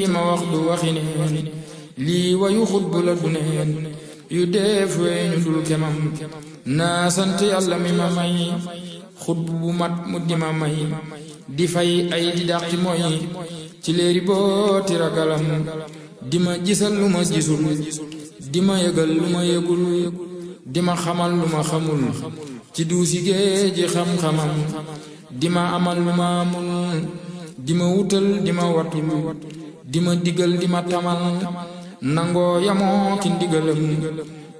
waxtu waxineen lii wayu xutbu la du neen yu def weeñu dul kemam naa sant yàlla mi ma may xutbu bu mat mu di ma may di fay ay di dàqi mooy ci léeri booti ragalam di ma gisal lu ma gisul di ma yëgal lu ma yëgul di ma xamal lu ma xamul ci duusi géeji xam-xamam di ma amal lu ma amul di ma wutal di ma watul di ma digal di ma tamal nangoo yamoo ci ndigalam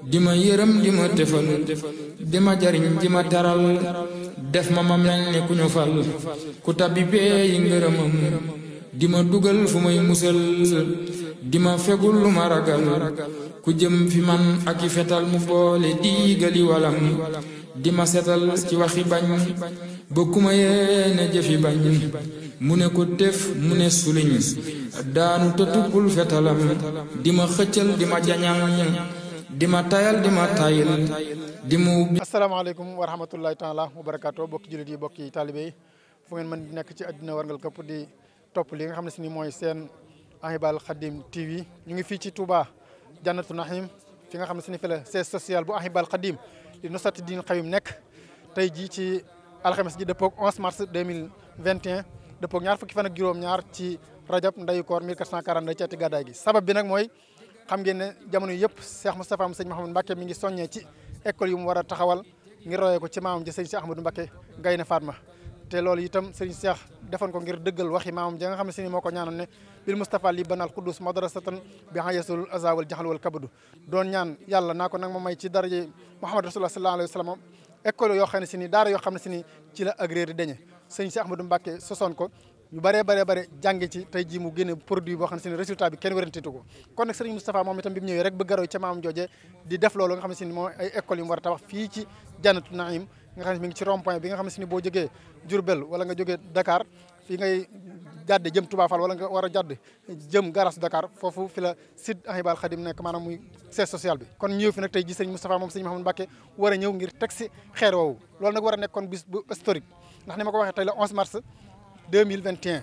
di ma yërëm di ma tëfal di ma jariñ di ma taral def ma ma mel ni ku ñu fal ku tabibee yi ngërëmam di ma dugal fu may musal di ma fegul lu ma ragal ku jëm fi man ak i fetal mu boole diigali walam di ma setal ci waxi bañ ba ku ma yéene jëfi bañ mune ko def mune ne suliñ daanu te tuppul fetalam dima ma dima di dima tayal di ma tayil wa rahmatullahi taala wa barakatuh bokki julit yi bokki taalibe yi fu ngeen man di nek ci àddina warngal këpp di top li nga xamne ne si ni mooy Khadim TV ñu ngi fi ci Touba Jannatu Nahim fi nga xamne ne ni fi la siège social bu ahibal Khadim di Nusrat Din Qayyim nekk tey ci alhamis ji depok 11 mars 2021 dëppoo ñaar fukki fan juróom-ñaar ci rajab ndeyu koor 1442 ci ati gàddaay gi sabab bi nag mooy xam ngeen ne jamono yëpp Cheikh Moustapha Sëñ Mouhamadou Mbacké mi ngi soññee ci école yu mu war a taxawal ngir royee ko ci maamam ji sëñ Cheikh Ahmadou Mbacké Gaynde Fatma te loolu itam sëñ Cheikh defoon ko ngir dëggal waxi maamam ja nga xam ne sini moo ko ñaanoon ne bil Moustapha li banal quddus madrasatan bi hayasul azawal jaxal wal kabadu doon ñaan yàlla na ko nag ma may ci daraje Muhammad rasulullah sallallahu alayhi wa sallam école yoo xam ne ni daara yoo xam ne ni ci la agréer di sëñ si Ahmadou Mbacke sosoon ko ñu bare baree bare jànge ci tey jii mu génne produit boo xam ne résultat bi kenn wérantitu ko kon nag sëriñ Moustapha moom itam bi mu ñëwee rek a roy ca maam jooje di def loolu nga xam ne mooy ay war a tabax ne mi ngi ci rond point xam ne boo jógee Diourbel wala nga jógee Dakar fii ngay jàdd jëm Touba Fall wala nga war a jàdd jëm garas Dakar foofu fi la site Ahibahil Khadim nekk maanaam muy siège social bi kon ñëw fi nag tey jii sëriñ Moustapha moom sëriñ Mouhamadou Mbacke war a ñëw ngir teg si xeer woowu loolu nag war a nekk kon bis bu historique ndax ni ma ko waxee tey la 11 mars 2021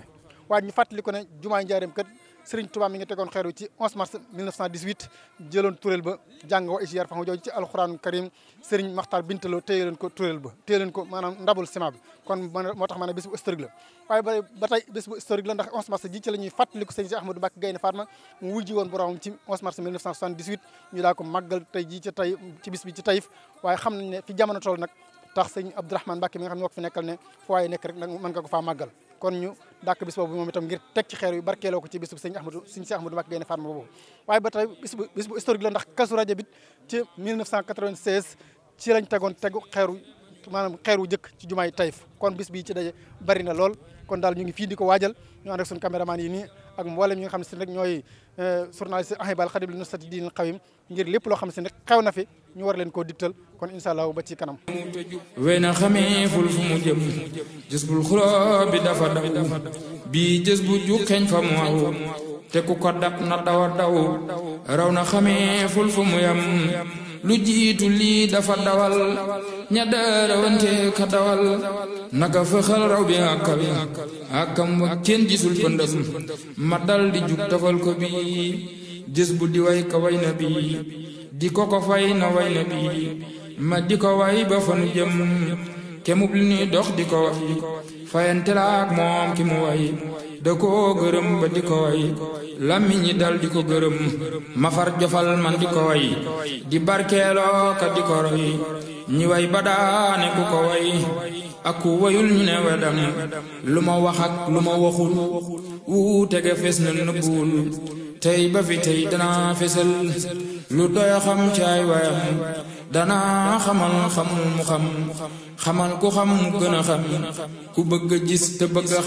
waaye ñu fàttali ko ne jumaa njaareem kat Serigne Touba mi ngi tegoon xeeru ci 11 mars 1918 jëloon turéel ba jàng wa isiyaar fa nga jooju ci alxuraanu karim ko ba téye ko maanaam ndabul ciment bi kon moo tax maanaam bés bu la waaye ba ba tey bés la ndax 11 mars ji ci la ñuy fàttaliku sëñ si Ahmadou Mbacké Gaynde Fatma mu wujji woon boromam ci 11 mars 1978 ñu daa ko màggal tey ji ci tey ci bis bi ci Taïf waaye xam nañ ne fi jamono toll nag tax sëñ Abdourahmane Mbacke mi nga xam ne moo ko fi nekk rek nag mën nga ko faa màggal kon ñu dàkk bis boobu moom itam ngir teg ci xeer yu barkeeloo ko ci bis bu sëñ Ahmadou sëñ si Ahmadou Mbacke Gaïndé Fatma boobu waaye ba tey bis bu la ndax Kazu Rajab bi ci ci lañ tegoon tegu xeeru maanaam xeeru jëkk ci jumaay Taïf kon bis bii ci daje bari na lool kon daal ñu ngi fii di ko waajal ñu ànd ak suñu caméraman yi nii ak mboolem ñi nga xam ne si rek ñooy euh, journaliste ahibal xadim li nusati diin xawim ngir lépp loo xam ne si na fi ñu war leen ko dittal kon inshallah allah ba ci kanam wey na xamiiful fu mu jëm jës bul bi dafa daw bi jës ju jukkeñ fa mo aw te ku ko dab na daw daw raw na xamiiful fu mu yam lu jitu li dafa dawal daara wante ka dawal naka fëxal raw bi akam akam wa kenn gisul fandas ma dal di juk dafal ko bi jës di way ka way nabi di ko ko fay na way na bii ma di ko way ba fa nu jëm kemub li nuy dox di ko wax yi la ak moom ki mu way da koo gërëm ba di ko way làmmiñ yi dal di ko gërëm ma far jofal man di ko way di barkeeloo ka di ko roy ñi way ba daane ko way ak wayul ñu ne wedam lu ma wax lu ma waxul wuute ga fees na nëbbuwul تي بفي تي دنا فسل لودا يا خم شاي وام دنا خمال خم خم خمال كو خم كنا خم كو بغا جيس